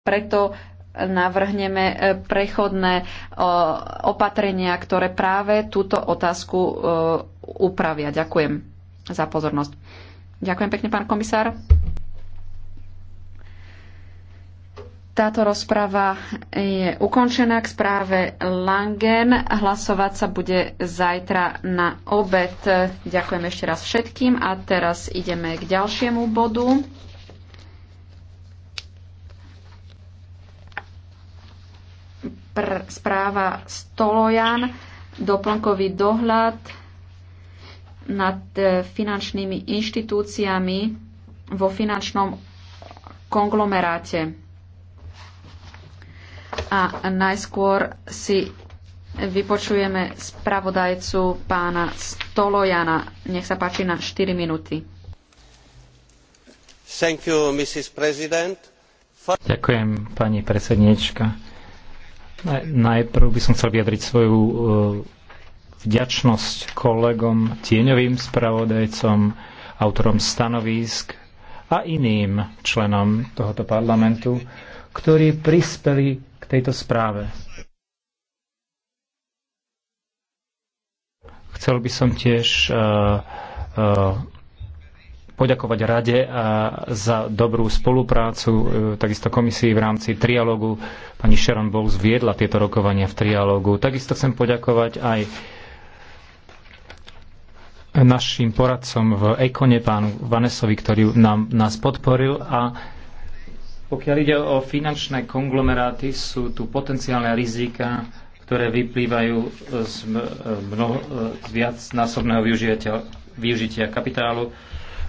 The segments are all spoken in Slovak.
preto navrhneme e, prechodné e, opatrenia, ktoré práve túto otázku e, upravia. Ďakujem za pozornosť. Ďakujem pekne, pán komisár. Táto rozprava je ukončená k správe Langen. Hlasovať sa bude zajtra na obed. Ďakujem ešte raz všetkým a teraz ideme k ďalšiemu bodu. pr- správa Stolojan, doplnkový dohľad nad e, finančnými inštitúciami vo finančnom konglomeráte. A najskôr si vypočujeme spravodajcu pána Stolojana. Nech sa páči na 4 minúty. Thank you, Mrs. President. Ďakujem, pani predsedniečka Najprv by som chcel vyjadriť svoju eh, vďačnosť kolegom, tieňovým spravodajcom, autorom stanovísk a iným členom tohoto parlamentu, ktorí prispeli k tejto správe. Chcel by som tiež uh, uh, poďakovať Rade za dobrú spoluprácu, e, takisto komisii v rámci trialógu. Pani Sharon Bowles viedla tieto rokovania v trialógu. Takisto chcem poďakovať aj našim poradcom v Ekone, pánu Vanesovi, ktorý nám, nás podporil a pokiaľ ide o finančné konglomeráty, sú tu potenciálne rizika, ktoré vyplývajú z, mnoho, z viacnásobného využitia, využitia kapitálu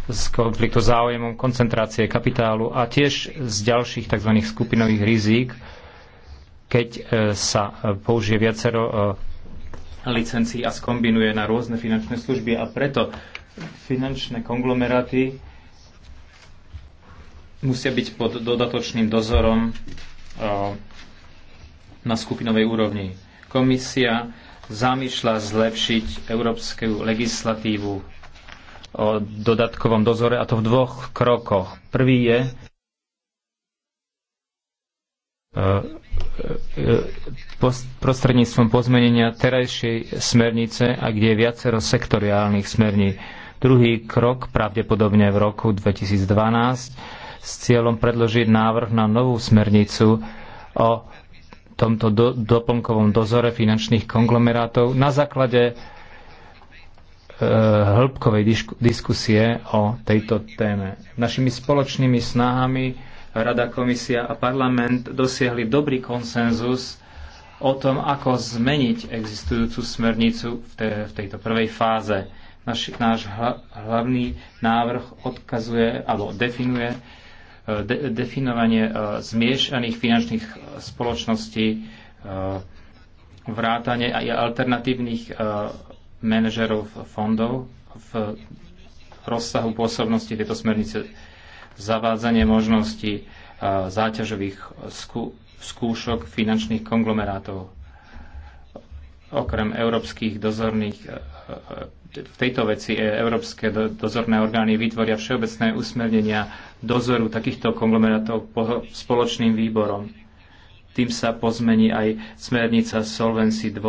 z konfliktu záujmom, koncentrácie kapitálu a tiež z ďalších tzv. skupinových rizík, keď e, sa e, použije viacero e, licencií a skombinuje na rôzne finančné služby a preto finančné konglomeráty musia byť pod dodatočným dozorom na skupinovej úrovni. Komisia zamýšľa zlepšiť európsku legislatívu o dodatkovom dozore a to v dvoch krokoch. Prvý je e, e, prostredníctvom pozmenenia terajšej smernice a kde je viacero sektoriálnych smerní. Druhý krok pravdepodobne v roku 2012 s cieľom predložiť návrh na novú smernicu o tomto do, doplnkovom dozore finančných konglomerátov na základe E, hĺbkovej diskusie o tejto téme. Našimi spoločnými snahami Rada, Komisia a Parlament dosiahli dobrý konsenzus o tom, ako zmeniť existujúcu smernicu v, te, v tejto prvej fáze. Naš, náš hla, hlavný návrh odkazuje alebo definuje e, de, definovanie e, zmiešaných finančných spoločností, vrátane aj alternatívnych manažerov fondov v rozsahu pôsobnosti tejto smernice zavádzanie možností e, záťažových skúšok finančných konglomerátov. Okrem európskych dozorných e, e, v tejto veci európske dozorné orgány vytvoria všeobecné usmernenia dozoru takýchto konglomerátov spoločným výborom. Tým sa pozmení aj smernica Solvency 2,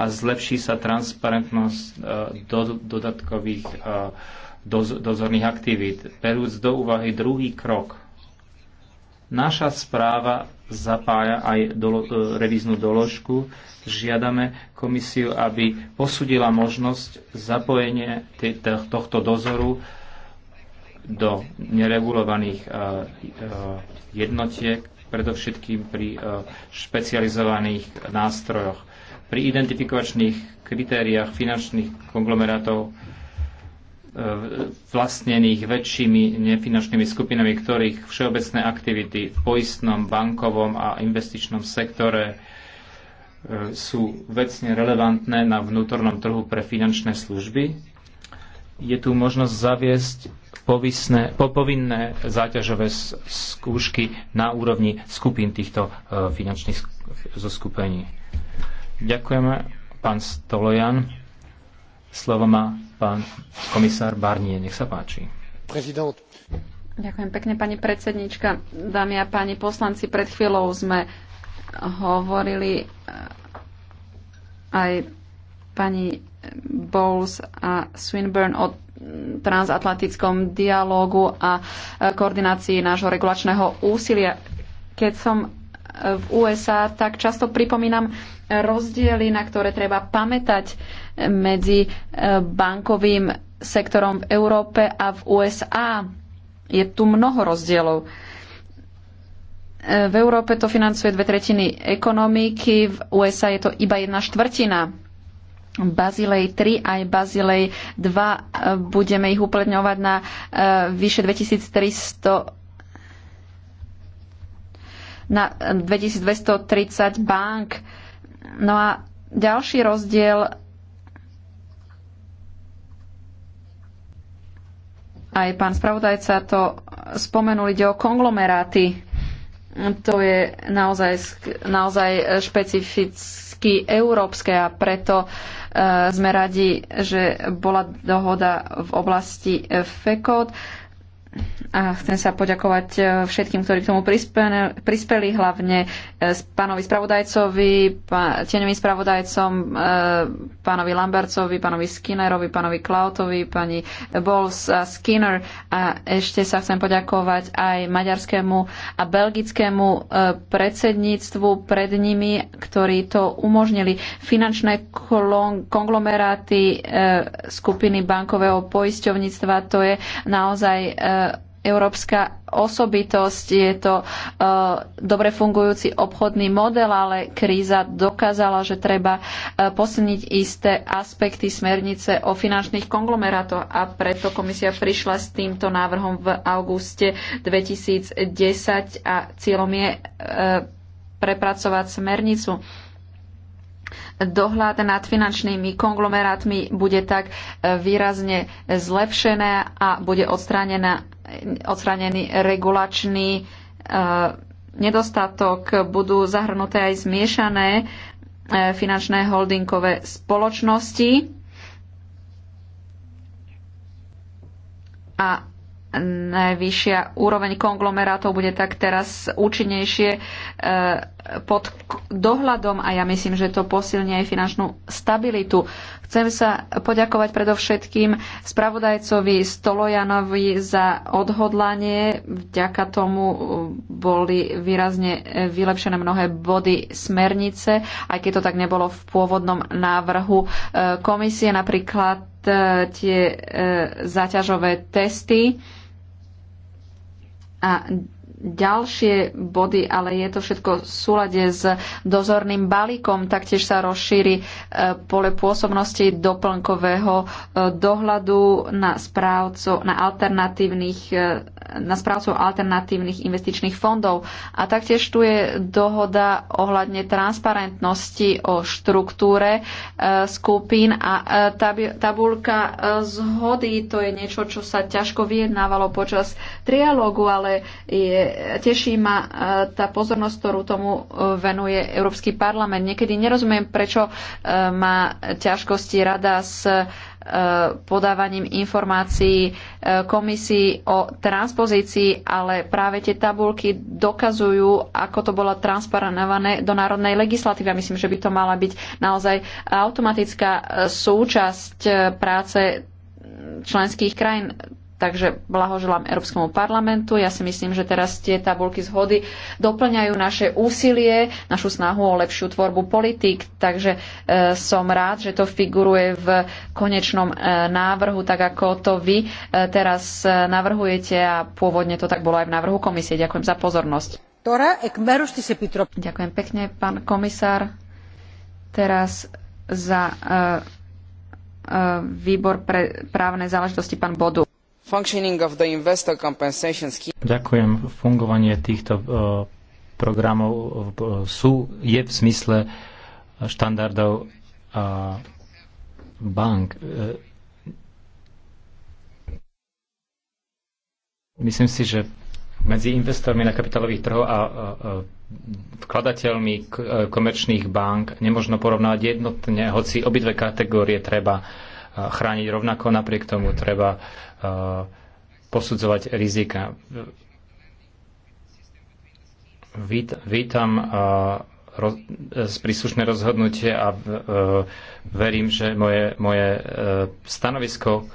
a zlepší sa transparentnosť e, do, dodatkových e, dozorných aktivít. Berúc do úvahy druhý krok, naša správa zapája aj do, e, revíznu doložku. Žiadame komisiu, aby posudila možnosť zapojenie tohto dozoru do neregulovaných jednotiek, predovšetkým pri špecializovaných nástrojoch pri identifikačných kritériách finančných konglomerátov e, vlastnených väčšími nefinančnými skupinami, ktorých všeobecné aktivity v poistnom, bankovom a investičnom sektore e, sú vecne relevantné na vnútornom trhu pre finančné služby. Je tu možnosť zaviesť povisné, povinné záťažové skúšky na úrovni skupín týchto e, finančných zoskupení. Ďakujeme, pán Stolojan. Slovo má pán komisár Barnie. Nech sa páči. Prezident. Ďakujem pekne, pani predsednička. Dámy a páni poslanci, pred chvíľou sme hovorili eh, aj pani Bowles a Swinburne o transatlantickom dialógu a eh, koordinácii nášho regulačného úsilia. Keď som v USA, tak často pripomínam rozdiely, na ktoré treba pamätať medzi e, bankovým sektorom v Európe a v USA. Je tu mnoho rozdielov. E, v Európe to financuje dve tretiny ekonomiky, v USA je to iba jedna štvrtina. Bazilej 3 aj Bazilej 2 e, budeme ich uplatňovať na vyše 2300 na 2230 bank. No a ďalší rozdiel aj pán spravodajca to spomenul, ide o konglomeráty. To je naozaj, naozaj špecificky európske a preto e, sme radi, že bola dohoda v oblasti FECOD. A chcem sa poďakovať e, všetkým, ktorí k tomu prispeli, hlavne e, pánovi spravodajcovi, tieňovým spravodajcom, e, pánovi Lambercovi, pánovi Skinnerovi, pánovi Klautovi, pani Bols a Skinner. A ešte sa chcem poďakovať aj maďarskému a belgickému predsedníctvu pred nimi, ktorí to umožnili. Finančné konglomeráty skupiny bankového poisťovníctva, to je naozaj európska osobitosť, je to uh, dobre fungujúci obchodný model, ale kríza dokázala, že treba uh, posilniť isté aspekty smernice o finančných konglomerátoch a preto komisia prišla s týmto návrhom v auguste 2010 a cieľom je uh, prepracovať smernicu dohľad nad finančnými konglomerátmi bude tak e, výrazne zlepšené a bude odstránený regulačný e, nedostatok. Budú zahrnuté aj zmiešané e, finančné holdingové spoločnosti. A najvyššia úroveň konglomerátov bude tak teraz účinnejšie pod dohľadom a ja myslím, že to posilní aj finančnú stabilitu. Chcem sa poďakovať predovšetkým spravodajcovi Stolojanovi za odhodlanie. Vďaka tomu e, boli výrazne e, vylepšené mnohé body smernice, aj keď to tak nebolo v pôvodnom návrhu e, komisie, napríklad tie zaťažové testy a ďalšie body, ale je to všetko v súlade s dozorným balíkom. Taktiež sa rozšíri e, pole pôsobnosti doplnkového e, dohľadu na správcov, na alternatívnych e, na správcov alternatívnych investičných fondov. A taktiež tu je dohoda ohľadne transparentnosti o štruktúre skupín a tabulka zhody, to je niečo, čo sa ťažko vyjednávalo počas trialógu, ale je teší ma e, tá pozornosť, ktorú tomu e, venuje Európsky parlament. Niekedy nerozumiem, prečo e, má ťažkosti rada s podávaním informácií komisii o transpozícii, ale práve tie tabulky dokazujú, ako to bolo transparentované do národnej legislatívy. A myslím, že by to mala byť naozaj automatická súčasť práce členských krajín Takže blahoželám Európskemu parlamentu. Ja si myslím, že teraz tie tabulky zhody doplňajú naše úsilie, našu snahu o lepšiu tvorbu politík. Takže e, som rád, že to figuruje v konečnom e, návrhu, tak ako to vy e, teraz e, navrhujete a pôvodne to tak bolo aj v návrhu komisie. Ďakujem za pozornosť. Ďakujem pekne, pán komisár. Teraz za e, e, výbor pre právne záležitosti pán Bodu. Ďakujem. Fungovanie týchto e, programov e, sú, je v zmysle štandardov e, bank. Myslím si, že medzi investormi na kapitálových trhoch a vkladateľmi komerčných bank nemôžno porovnať jednotne, hoci obidve kategórie treba chrániť rovnako, napriek tomu treba Eh, posudzovať rizika. Vítam eh, roz, eh, príslušné rozhodnutie a verím, že moje, moje stanovisko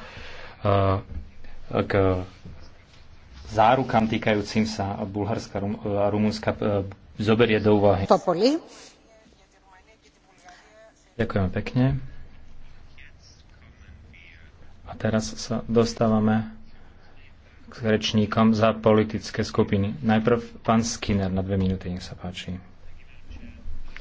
k zárukám týkajúcim sa Bulharska a Rumunska zoberie do úvahy. Ďakujem pekne. A teraz sa dostávame k rečníkom za politické skupiny. Najprv pán Skinner na dve minúty, nech sa páči.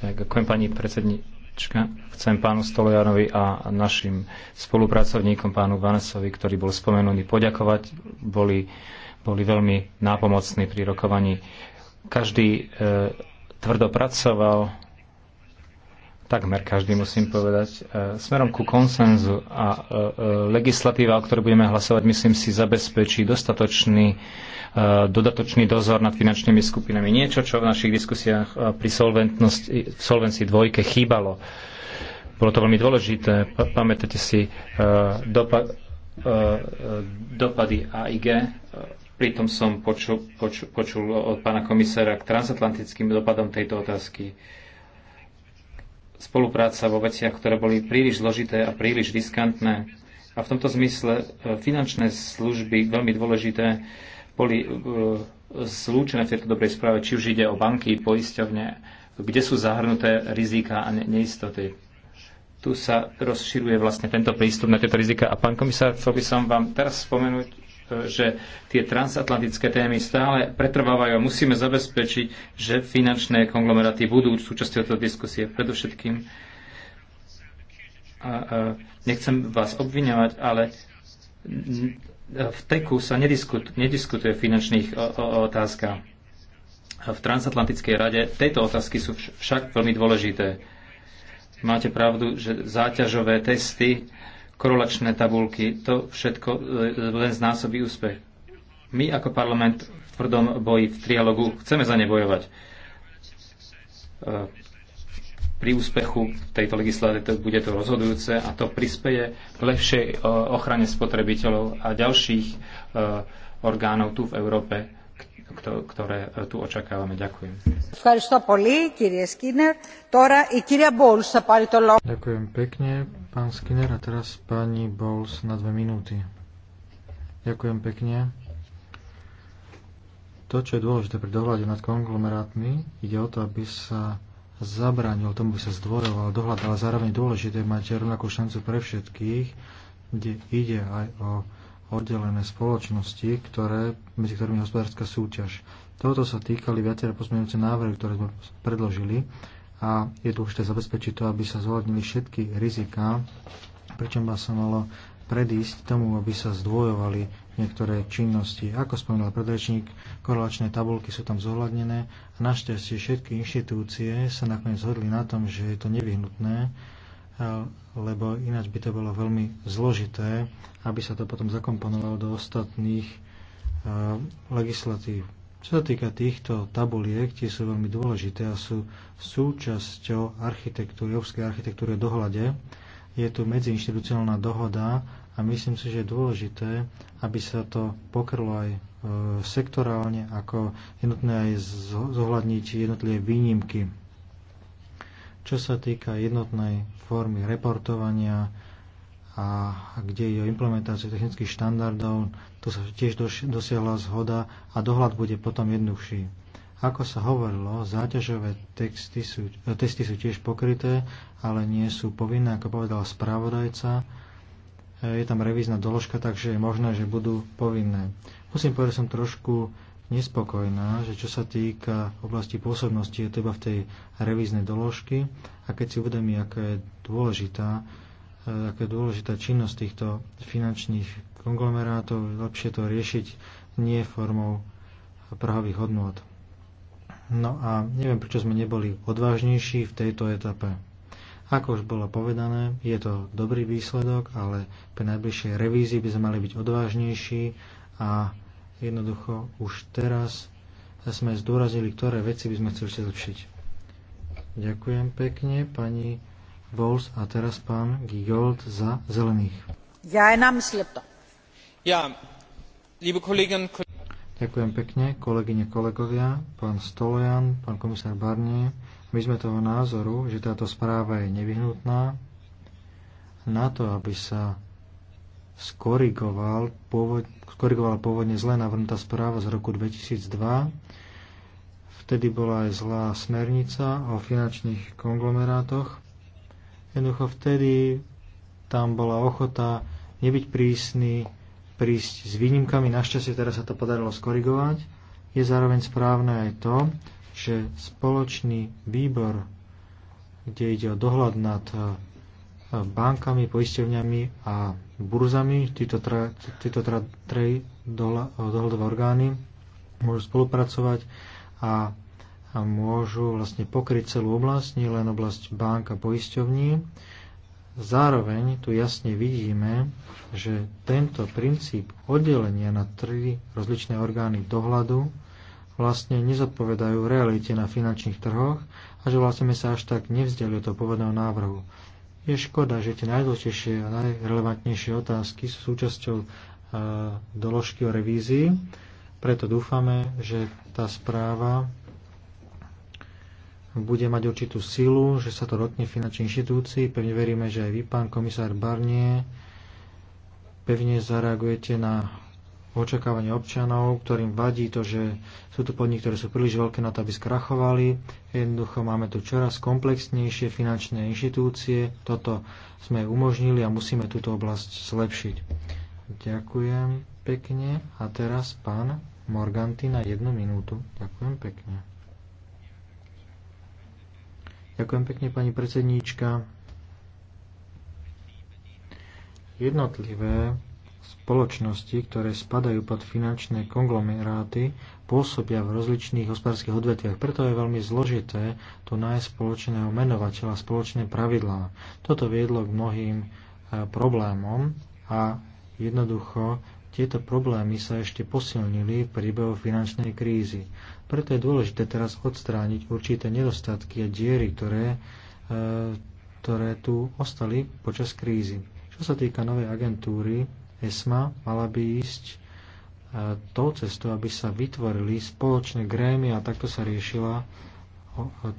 Tak, ďakujem pani predsednička. Chcem pánu Stolojanovi a našim spolupracovníkom, pánu Vanesovi, ktorý bol spomenutý, poďakovať. Boli, boli veľmi nápomocní pri rokovaní. Každý e, tvrdo pracoval, takmer každý, musím povedať, e, smerom ku konsenzu a e, e, legislatíva, o ktorej budeme hlasovať, myslím si, zabezpečí dostatočný dodatočný dozor nad finančnými skupinami. Niečo, čo v našich diskusiách pri solventnosti, solvencii dvojke chýbalo. Bolo to veľmi dôležité. Pamätáte si dopa, dopady AIG Pritom som počul, počul, počul od pána komisára k transatlantickým dopadom tejto otázky spolupráca vo veciach, ktoré boli príliš zložité a príliš riskantné. A v tomto zmysle e, finančné služby, veľmi dôležité, boli e, zlúčené v tejto dobrej správe, či už ide o banky, poisťovne, kde sú zahrnuté rizika a neistoty. Tu sa rozširuje vlastne tento prístup na tieto rizika. A pán komisár, chcel by som vám teraz spomenúť že tie transatlantické témy stále pretrvávajú a musíme zabezpečiť, že finančné konglomeráty budú súčasťou tejto diskusie. Predovšetkým a, a, nechcem vás obviňovať, ale v teku sa nediskut, nediskutuje o finančných otázkach. V transatlantickej rade tejto otázky sú však veľmi dôležité. Máte pravdu, že záťažové testy korolačné tabulky, to všetko e, len znásobí úspech. My ako parlament v tvrdom boji, v trialogu, chceme za ne bojovať. E, pri úspechu tejto legislatívy bude to rozhodujúce a to prispeje k lepšej e, ochrane spotrebiteľov a ďalších orgánov tu v Európe ktoré e, tu očakávame. Ďakujem. Ďakujem pekne, pán Skinner. A teraz pani Bowles na dve minúty. Ďakujem pekne. To, čo je dôležité pri dohľade nad konglomerátmi, ide o to, aby sa zabránil tomu, aby sa zdvoroval dohľad, ale zároveň dôležité mať rovnakú šancu pre všetkých, kde ide aj o oddelené spoločnosti, ktoré, medzi ktorými je hospodárska súťaž. Toto sa týkali viaceré pozmeňujúce návrhy, ktoré sme predložili a je dôležité zabezpečiť to, aby sa zohľadnili všetky riziká, pričom by sa malo predísť tomu, aby sa zdvojovali niektoré činnosti. Ako spomínal predrečník, korelačné tabulky sú tam zohľadnené a našťastie všetky inštitúcie sa nakoniec zhodli na tom, že je to nevyhnutné lebo ináč by to bolo veľmi zložité, aby sa to potom zakomponovalo do ostatných legislatív. Čo sa týka týchto tabuliek, tie sú veľmi dôležité a sú súčasťou architektúry, európskej architektúry v dohľade. Je tu medziinstitucionálna dohoda a myslím si, že je dôležité, aby sa to pokrlo aj e, sektorálne, ako jednotné aj zohľadniť jednotlivé výnimky čo sa týka jednotnej formy reportovania a kde je o implementáciu technických štandardov, tu sa tiež dosiahla zhoda a dohľad bude potom jednoduchší. Ako sa hovorilo, záťažové texty sú, testy sú tiež pokryté, ale nie sú povinné, ako povedal spravodajca. E, je tam revízna doložka, takže je možné, že budú povinné. Musím povedať, že som trošku nespokojná, že čo sa týka oblasti pôsobnosti, je to iba v tej revíznej doložky a keď si uvedomí, aká je dôležitá, eh, aká je dôležitá činnosť týchto finančných konglomerátov, lepšie to riešiť nie formou prahových hodnôt. No a neviem, prečo sme neboli odvážnejší v tejto etape. Ako už bolo povedané, je to dobrý výsledok, ale pri najbližšej revízii by sme mali byť odvážnejší a Jednoducho už teraz sme zdôrazili, ktoré veci by sme chceli zlepšiť. Ďakujem pekne, pani Bowles a teraz pán Gigold za zelených. Ja, ja, liebe Kolleginnen und Ďakujem pekne, kolegyne, kolegovia, pán Stolojan, pán komisár Barnie. My sme toho názoru, že táto správa je nevyhnutná na to, aby sa skorigoval, pôvod, skorigoval pôvodne zle navrnutá správa z roku 2002. Vtedy bola aj zlá smernica o finančných konglomerátoch. Jednoducho vtedy tam bola ochota nebyť prísny, prísť s výnimkami. Našťastie teraz sa to podarilo skorigovať. Je zároveň správne aj to, že spoločný výbor, kde ide o dohľad nad bankami, poisťovňami a burzami. Títo, tra, tra, dohľadové orgány môžu spolupracovať a, a môžu vlastne pokryť celú oblasť, nie len oblasť bank a poisťovní. Zároveň tu jasne vidíme, že tento princíp oddelenia na tri rozličné orgány dohľadu vlastne nezodpovedajú realite na finančných trhoch a že vlastne sme sa až tak nevzdeli od toho povedného návrhu. Je škoda, že tie najdôležitejšie a najrelevantnejšie otázky sú súčasťou e, doložky o revízii, preto dúfame, že tá správa bude mať určitú silu, že sa to dotkne finančných inštitúcií. Pevne veríme, že aj vy, pán komisár Barnie, pevne zareagujete na očakávaní občanov, ktorým vadí to, že sú tu podniky, ktoré sú príliš veľké na to, aby skrachovali. Jednoducho máme tu čoraz komplexnejšie finančné inštitúcie. Toto sme umožnili a musíme túto oblasť zlepšiť. Ďakujem pekne. A teraz pán Morganti na jednu minútu. Ďakujem pekne. Ďakujem pekne, pani predsedníčka. Jednotlivé spoločnosti, ktoré spadajú pod finančné konglomeráty, pôsobia v rozličných hospodárskych odvetviach. Preto je veľmi zložité tu nájsť spoločného menovateľa, spoločné pravidlá. Toto viedlo k mnohým e, problémom a jednoducho tieto problémy sa ešte posilnili v priebehu finančnej krízy. Preto je dôležité teraz odstrániť určité nedostatky a diery, ktoré, e, ktoré tu ostali počas krízy. Čo sa týka novej agentúry ESMA mala by ísť e, tou cestou, aby sa vytvorili spoločné grémy a takto sa riešila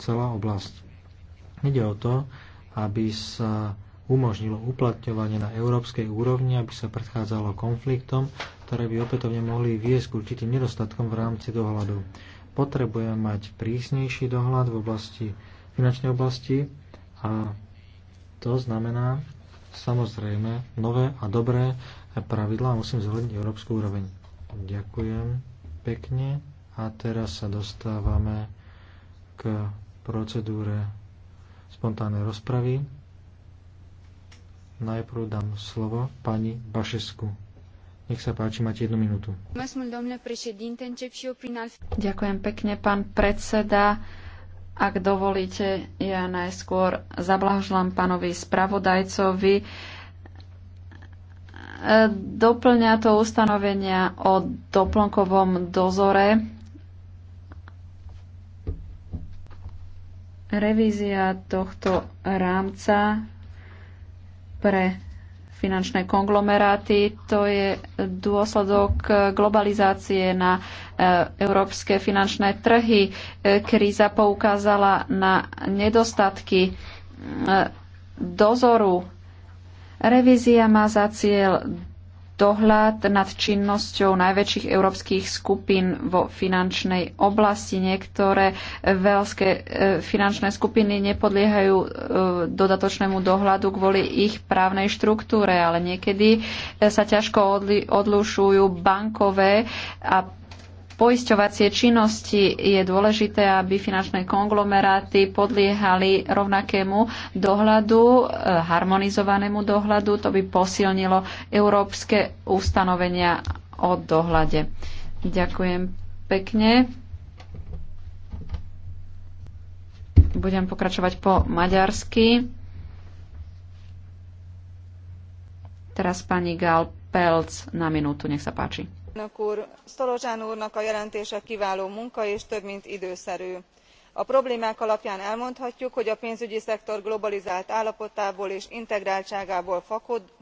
celá oblasť. Ide o to, aby sa umožnilo uplatňovanie na európskej úrovni, aby sa predchádzalo konfliktom, ktoré by opätovne mohli viesť k určitým nedostatkom v rámci dohľadu. Potrebujeme mať prísnejší dohľad v oblasti finančnej oblasti a to znamená, samozrejme nové a dobré pravidlá musím zhľadniť európsku úroveň. Ďakujem pekne a teraz sa dostávame k procedúre spontánnej rozpravy. Najprv dám slovo pani Bašesku. Nech sa páči, máte jednu minútu. Ďakujem pekne, pán predseda. Ak dovolíte, ja najskôr zablahožlám pánovi spravodajcovi. Doplňa to ustanovenia o doplnkovom dozore. Revízia tohto rámca pre finančné konglomeráty. To je dôsledok globalizácie na e, európske finančné trhy. E, kríza poukázala na nedostatky e, dozoru. Revízia má za cieľ dohľad nad činnosťou najväčších európskych skupín vo finančnej oblasti. Niektoré e, veľské e, finančné skupiny nepodliehajú e, dodatočnému dohľadu kvôli ich právnej štruktúre, ale niekedy sa ťažko odlušujú bankové a poisťovacie činnosti je dôležité, aby finančné konglomeráty podliehali rovnakému dohľadu, e, harmonizovanému dohľadu. To by posilnilo európske ustanovenia o dohľade. Ďakujem pekne. Budem pokračovať po maďarsky. Teraz pani Gal Pelc na minútu, nech sa páči stolojan úrnak a jelentése kiváló munka és több mint időszerű. a problémák alapján elmondhatjuk hogy a pénzügyi szektor globalizált állapotából és integráltságából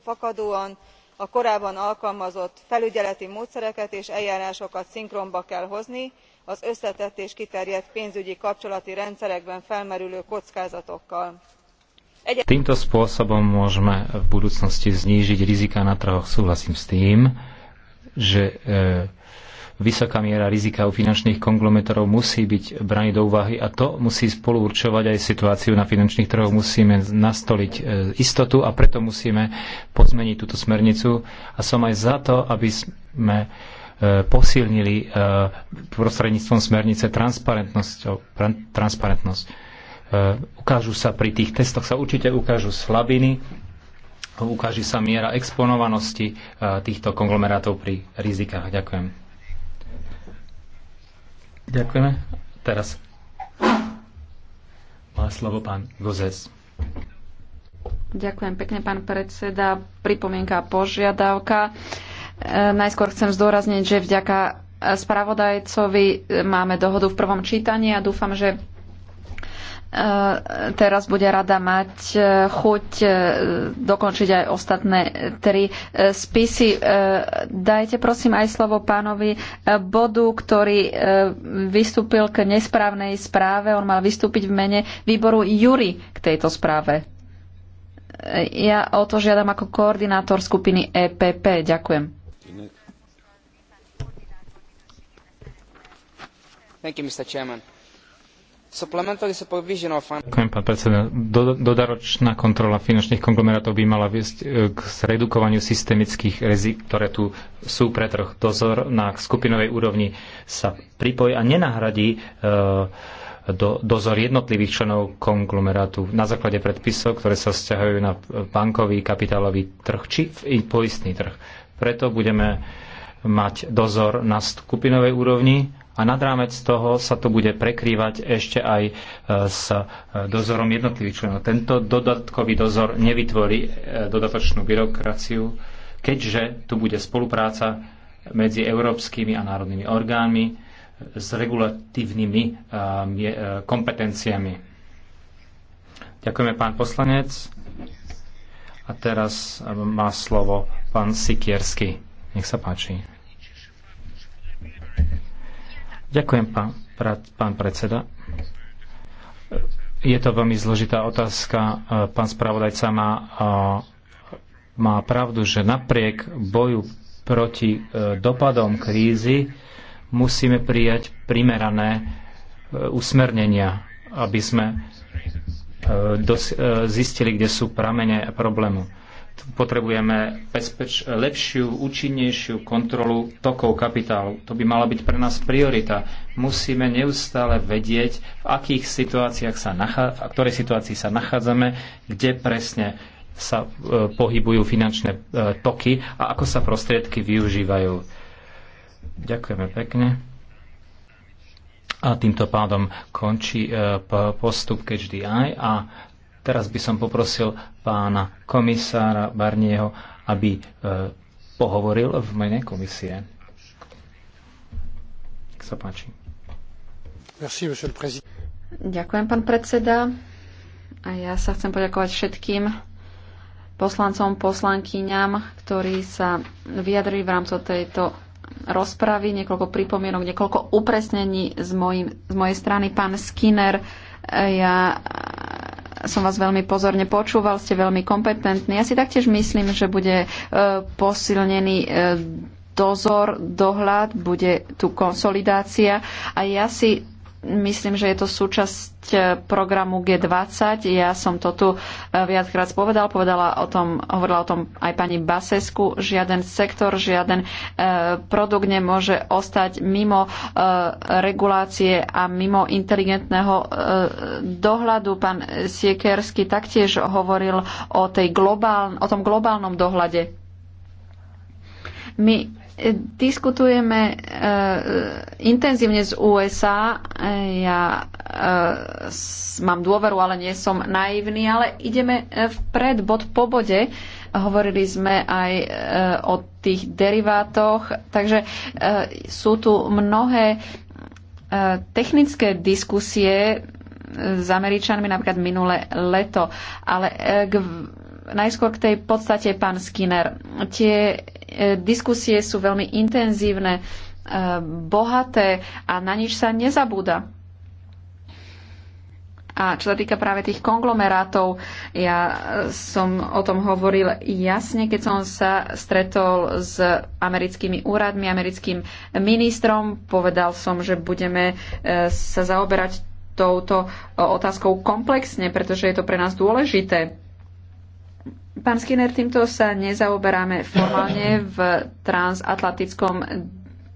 fakadóan a korábban alkalmazott felügyeleti módszereket és eljárásokat szinkronba kell hozni az összetett és kiterjedt pénzügyi kapcsolati rendszerekben felmerülő kockázatokkal. týmto spôsobom môžeme v budúcnosti znížiť riziká na trhoch súhlasím s tým že e, vysoká miera rizika u finančných konglomerátov musí byť braný do úvahy a to musí spolu určovať aj situáciu na finančných trhoch. Musíme nastoliť e, istotu a preto musíme pozmeniť túto smernicu a som aj za to, aby sme e, posilnili prostredníctvom smernice transparentnosť. Ukážu sa pri tých testoch, sa určite ukážu slabiny, ukáže sa miera exponovanosti e, týchto konglomerátov pri rizikách. Ďakujem. Ďakujeme. Teraz má slovo pán Gozes. Ďakujem pekne, pán predseda. Pripomienka a požiadavka. E, najskôr chcem zdôrazniť, že vďaka spravodajcovi máme dohodu v prvom čítaní a dúfam, že E, teraz bude rada mať e, chuť e, dokončiť aj ostatné tri spisy. Dajte prosím aj slovo pánovi Bodu, ktorý vystúpil k nesprávnej správe. On mal vystúpiť v mene výboru Jury k tejto správe. Ja o to žiadam ako koordinátor skupiny EPP. Ďakujem. Thank you, Mr. Chairman. Ďakujem, pán predseda. Dodaročná kontrola finančných konglomerátov by mala viesť e, k zredukovaniu systemických rizik, ktoré tu sú pre trh. Dozor na skupinovej úrovni sa pripojí a nenahradí e, do, dozor jednotlivých členov konglomerátu na základe predpisov, ktoré sa vzťahujú na bankový, kapitálový trh či poistný trh. Preto budeme mať dozor na skupinovej úrovni a nad rámec toho sa to bude prekrývať ešte aj e, s e, dozorom jednotlivých členov. Tento dodatkový dozor nevytvorí e, dodatočnú byrokraciu, keďže tu bude spolupráca medzi európskymi a národnými orgánmi s regulatívnymi kompetenciami. Ďakujeme, pán poslanec. A teraz má slovo pán Sikiersky. Nech sa páči. Ďakujem, pán, pán predseda. Je to veľmi zložitá otázka. Pán spravodajca má, má pravdu, že napriek boju proti e, dopadom krízy musíme prijať primerané e, usmernenia, aby sme e, zistili, kde sú pramene problému potrebujeme bezpeč, lepšiu, účinnejšiu kontrolu tokov kapitálu. To by mala byť pre nás priorita. Musíme neustále vedieť, v akých situáciách sa nachádzame, v ktorej situácii sa nachádzame, kde presne sa e, pohybujú finančné e, toky a ako sa prostriedky využívajú. Ďakujeme pekne. A týmto pádom končí e, postup KHDI a Teraz by som poprosil pána komisára Barnieho, aby e, pohovoril v mene komisie. Nech sa páči. Merci, Ďakujem, pán predseda. A ja sa chcem poďakovať všetkým poslancom, poslankyňam, ktorí sa vyjadrili v rámci tejto rozpravy, niekoľko pripomienok, niekoľko upresnení z, mojim, z mojej strany. Pán Skinner, ja som vás veľmi pozorne počúval, ste veľmi kompetentní. Ja si taktiež myslím, že bude e, posilnený e, dozor, dohľad, bude tu konsolidácia a ja si Myslím, že je to súčasť e, programu G20. Ja som to tu e, viackrát povedal, povedala o tom, hovorila o tom aj pani Basesku. Žiaden sektor, žiaden e, produkt nemôže ostať mimo regulácie a mimo inteligentného dohľadu. Pán Siekersky taktiež hovoril o, tej globál, o tom globálnom dohľade. My Diskutujeme e, intenzívne z USA. Ja e, mám dôveru, ale nie som naivný, ale ideme e, vpred, bod po bode. Hovorili sme aj e, o tých derivátoch, takže e, sú tu mnohé e, technické diskusie e, s Američanmi napríklad minulé leto, ale e, k najskôr k tej podstate, pán Skinner. Tie e, diskusie sú veľmi intenzívne, e, bohaté a na nič sa nezabúda. A čo sa týka práve tých konglomerátov, ja e, som o tom hovoril jasne, keď som sa stretol s americkými úradmi, americkým ministrom. Povedal som, že budeme sa zaoberať touto otázkou komplexne, pretože je to pre nás dôležité. Pán Skinner, týmto sa nezaoberáme formálne v transatlantickom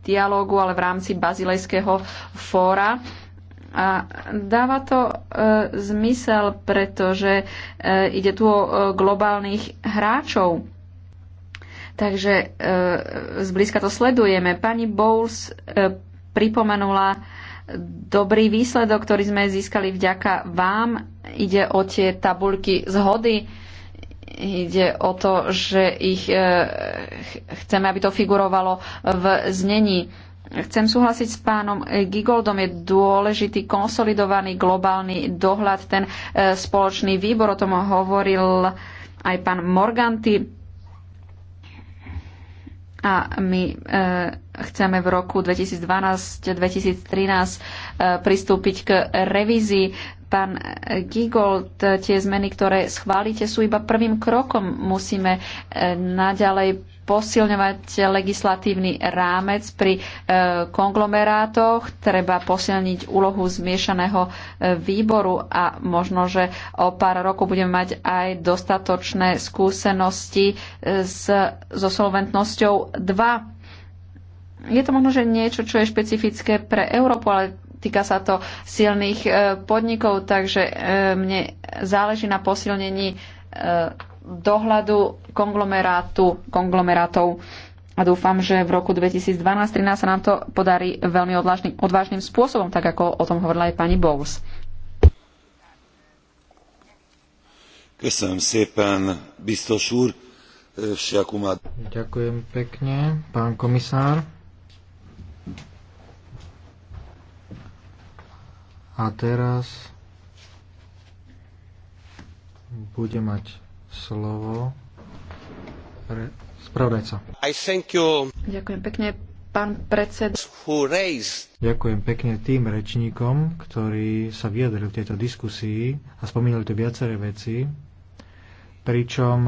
dialógu, ale v rámci Bazilejského fóra. A dáva to e, zmysel, pretože e, ide tu o e, globálnych hráčov. Takže e, zblízka to sledujeme. Pani Bowles e, pripomenula dobrý výsledok, ktorý sme získali vďaka vám. Ide o tie tabulky zhody Ide o to, že ich e, chceme, aby to figurovalo v znení. Chcem súhlasiť s pánom Gigoldom, je dôležitý konsolidovaný globálny dohľad, ten e, spoločný výbor, o tom hovoril aj pán Morganti. A my e, chceme v roku 2012-2013 e, pristúpiť k revízii pán Gigold, tie zmeny, ktoré schválite, sú iba prvým krokom. Musíme e, naďalej posilňovať legislatívny rámec pri e, konglomerátoch, treba posilniť úlohu zmiešaného e, výboru a možno, že o pár rokov budeme mať aj dostatočné skúsenosti s, so solventnosťou 2. Je to možno, že niečo, čo je špecifické pre Európu, ale týka sa to silných e, podnikov, takže e, mne záleží na posilnení e, dohľadu konglomerátu, konglomerátov a dúfam, že v roku 2012-2013 sa nám to podarí veľmi odvážny, odvážnym spôsobom, tak ako o tom hovorila aj pani Bowles. Köszönöm szépen, biztos úr. Ďakujem pekne, pán komisár. A teraz bude mať slovo pre spravodajca. Ďakujem pekne, pán predseda. Ďakujem pekne tým rečníkom, ktorí sa vyjadrili v tejto diskusii a spomínali tu viaceré veci, pričom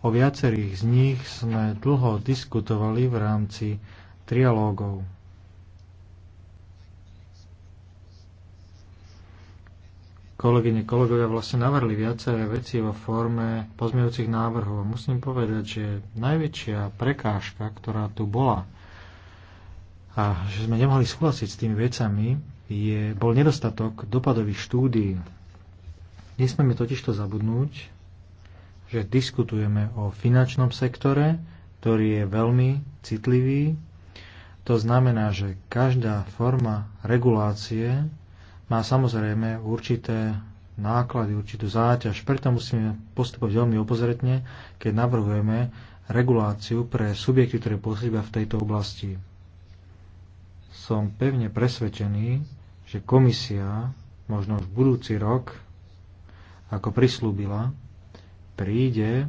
o viacerých z nich sme dlho diskutovali v rámci trialógov. kolegyne, kolegovia vlastne navrli viaceré veci vo forme pozmejúcich návrhov. Musím povedať, že najväčšia prekážka, ktorá tu bola a že sme nemohli súhlasiť s tými vecami, je, bol nedostatok dopadových štúdií. Nesmieme totižto zabudnúť, že diskutujeme o finančnom sektore, ktorý je veľmi citlivý. To znamená, že každá forma regulácie má samozrejme určité náklady, určitú záťaž. Preto musíme postupovať veľmi opozretne, keď navrhujeme reguláciu pre subjekty, ktoré pôsobia v tejto oblasti. Som pevne presvedčený, že komisia možno v budúci rok, ako prislúbila, príde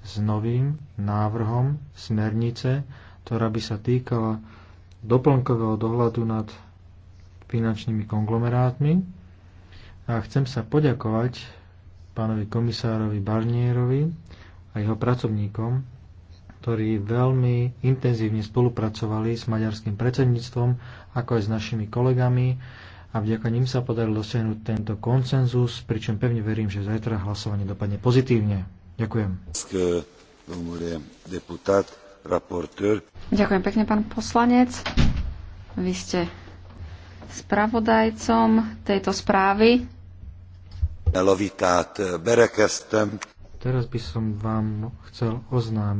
s novým návrhom smernice, ktorá by sa týkala doplnkového dohľadu nad finančnými konglomerátmi. A chcem sa poďakovať pánovi komisárovi Barnierovi a jeho pracovníkom, ktorí veľmi intenzívne spolupracovali s maďarským predsedníctvom, ako aj s našimi kolegami a vďaka ním sa podarilo dosiahnuť tento konsenzus, pričom pevne verím, že zajtra hlasovanie dopadne pozitívne. Ďakujem. Deputát, Ďakujem pekne, pán poslanec. Vy ste spravodajcom tejto správy. Teraz by som vám chcel oznámiť,